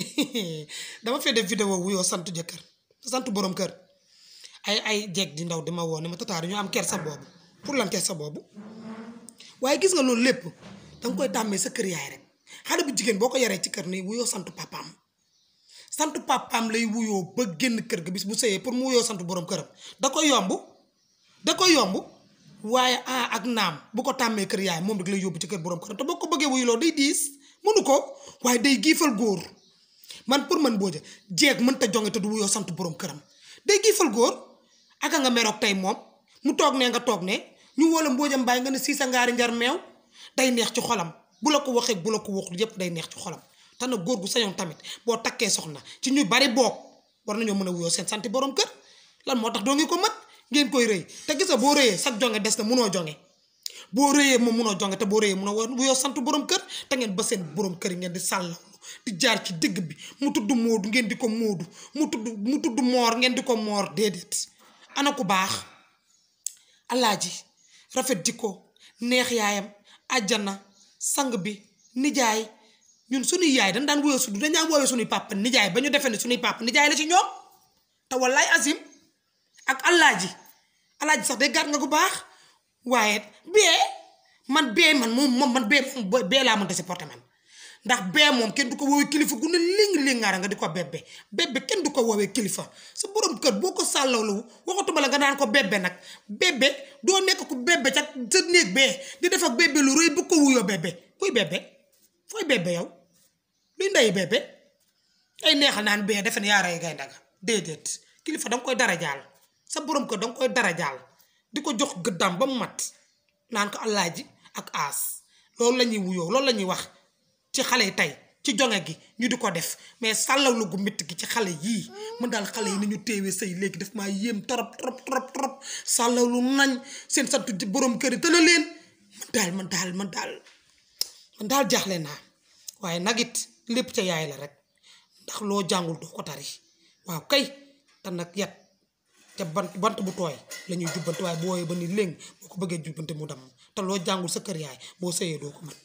dama fee def vidéo wuyoo sant jëkkër sant boroom kër ay ay jeg di ndaw di ma woo ne ma tata dañoo am kersa boobu pour lan sa boobu waaye gis nga loolu lépp danga koy tàmmee sa kër yaay rek xale bu jigéen boo ko yaree ci kër nii wuyoo sant papaam sant papaam lay wuyoo ba génn kër gi bis mu sëyee pour mu wuyoo sant borom këram da koy yomb da koy yomb waaye ah ak naam bu ko tàmmee kër yaay moom rek lay yóbbu ci kër borom këram te boo ko bëggee wuyuloo day diis mënu ko waaye day giifal góor man pour man Mbodia jeeg mënta jonge te du wuyoo sant boroom borom këram day giifal góor aka nga meroog tey moom mu toog nee nga toog ne ñu woo la Mbodia Mbaye nga ne sii sa ngaari njar meew day neex ci xolam bu la ko waxee bu la ko waxul yépp day neex ci xolam te nag góor gu sañoon tamit boo takkee soxna ci ñu bari boog war nañoo mën a wuyoo seen sant borom kër lan moo tax doo ngi ko mat ngeen koy rëy te gis boo rëyee sag jonge des na munoo jonge boo rëyee moom munoo jonge te boo rëyee munoo wuyoo sant borom kër ngeen ba seen borom kër yi ngeen di sàllaw di jaar ci dëgg bi mu tudd moodu ngeen di ko moodu mu tudd mu tudd moor ngeen di ko moor déedéet ana ku baax alaaji rafet ko neex yaayam àjjana sang bi nijaay ñun suñuy yaay dañ daan woowee su dañ daan woowee suñuy pàpp nijaay ba ñu defee ne sunuy pàpp nijaay la ci ñoom te wallaay azim ak allaaji alaaji sax day gàtt nga ku baax waaye bee man bee man moom moom man bee bee laa mënta si porte ndax bee moom kenn du ko woowee kilifa gu ne ling lingaara nga di ko bébbe bébbe kenn du ko woowee kilifa sa borom kër boo ko sàllawlu waxatuma la nga naan ko bébbe nag bébbe doo nekk ku bébbe ca sa néeg bee di def ak bébbe lu rëy bu ko wuyoo bébbe kuy bébbe fooy bébbe yow luy ndeyi bébbe ay neexal naan bee defe ne yaa rey gaynde ga déedéet kilifa danga koy dara jaal sa boroom kër danga koy dara jaal di ko jox gëddaam ba mu mat naan ko alaaji ak aas loolu la ñuy loolu la ñuy wax ci xale yi tey ci jonge gi ñu di ko def mais sàllaw la gu métti gi ci xale yii mën daal xale yi nañu teewee sëy léegi daf maa yéem trop trop trop trop sàllaw lu nañ seen santu borom kër yi tëna leen man daal man daal man daal man daal naa waaye nag it lépp ca yaay la rek ndax loo jàngul doo ko tari waaw te nag yat te bant bant bu tooy lañuy ñuy jubbanti waaye boo wooyee ba ni léegi boo ko bëggee jubbante mu dama te loo jàngul sa kër yaay boo sëyee doo ko mën